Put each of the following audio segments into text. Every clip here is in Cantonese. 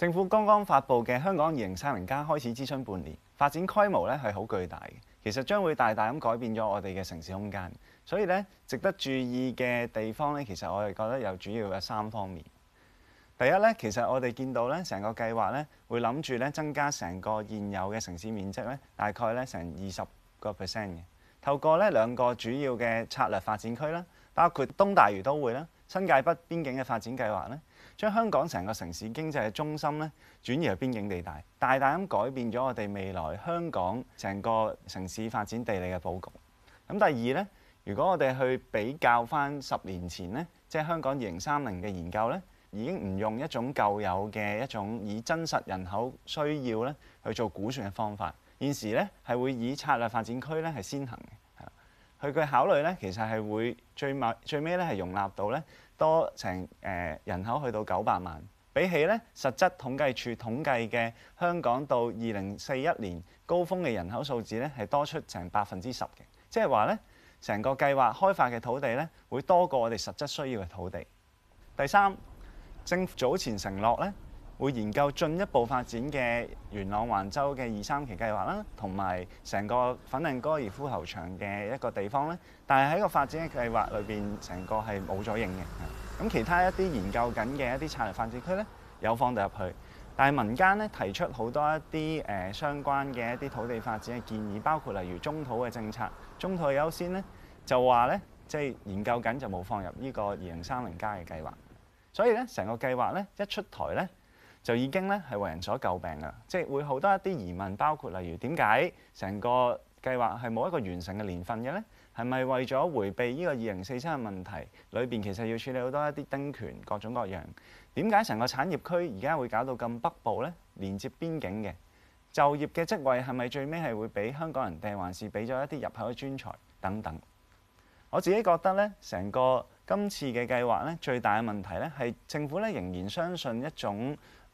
政府剛剛發佈嘅香港二零三零加開始諮詢半年，發展規模咧係好巨大嘅，其實將會大大咁改變咗我哋嘅城市空間。所以咧，值得注意嘅地方咧，其實我哋覺得有主要嘅三方面。第一咧，其實我哋見到咧，成個計劃咧會諗住咧增加成個現有嘅城市面積咧，大概咧成二十個 percent 嘅。透過呢兩個主要嘅策略發展區啦，包括東大嶼都會啦。新界北邊境嘅發展計劃咧，將香港成個城市經濟嘅中心咧轉移去邊境地帶，大大咁改變咗我哋未來香港成個城市發展地理嘅佈局。咁第二咧，如果我哋去比較翻十年前咧，即係香港二零三零嘅研究咧，已經唔用一種舊有嘅一種以真實人口需要咧去做估算嘅方法，現時咧係會以策略發展區咧係先行嘅。佢嘅考慮咧，其實係會最尾最尾咧，係容納到咧多成誒、呃、人口去到九百萬，比起咧實質統計處統計嘅香港到二零四一年高峰嘅人口數字咧，係多出成百分之十嘅，即係話咧成個計劃開發嘅土地咧，會多過我哋實質需要嘅土地。第三，政府早前承諾咧。會研究進一步發展嘅元朗環洲嘅二三期計劃啦，同埋成個粉嶺高爾夫球場嘅一個地方咧。但係喺個發展嘅計劃裏邊，成個係冇咗影嘅。咁其他一啲研究緊嘅一啲策略發展區咧，有放得入去。但係民間咧提出好多一啲誒、呃、相關嘅一啲土地發展嘅建議，包括例如中土嘅政策，中土嘅優先咧就話咧，即、就、係、是、研究緊就冇放入呢個二零三零加嘅計劃。所以咧，成個計劃咧一出台咧，呢就已經咧係為人所詬病㗎，即係會好多一啲疑問，包括例如點解成個計劃係冇一個完成嘅年份嘅呢？係咪為咗回避呢個二零四七嘅問題？裏邊其實要處理好多一啲丁權各種各樣。點解成個產業區而家會搞到咁北部呢？連接邊境嘅就業嘅職位係咪最尾係會俾香港人定，還是俾咗一啲入口嘅專才等等？我自己覺得呢，成個今次嘅計劃呢，最大嘅問題呢，係政府呢仍然相信一種。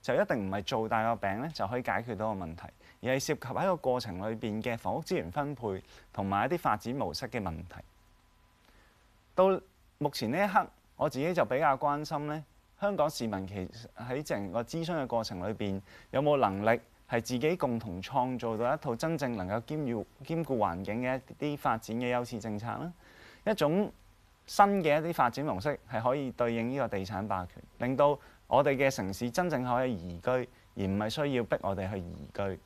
就一定唔係做大個餅咧，就可以解決到個問題，而係涉及喺個過程裏邊嘅房屋資源分配同埋一啲發展模式嘅問題。到目前呢一刻，我自己就比較關心咧，香港市民其實喺成個諮詢嘅過程裏邊有冇能力係自己共同創造到一套真正能夠兼顧兼顧環境嘅一啲發展嘅優次政策啦？一種新嘅一啲發展模式係可以對應呢個地產霸權令到。我哋嘅城市真正可以宜居，而唔係需要逼我哋去宜居。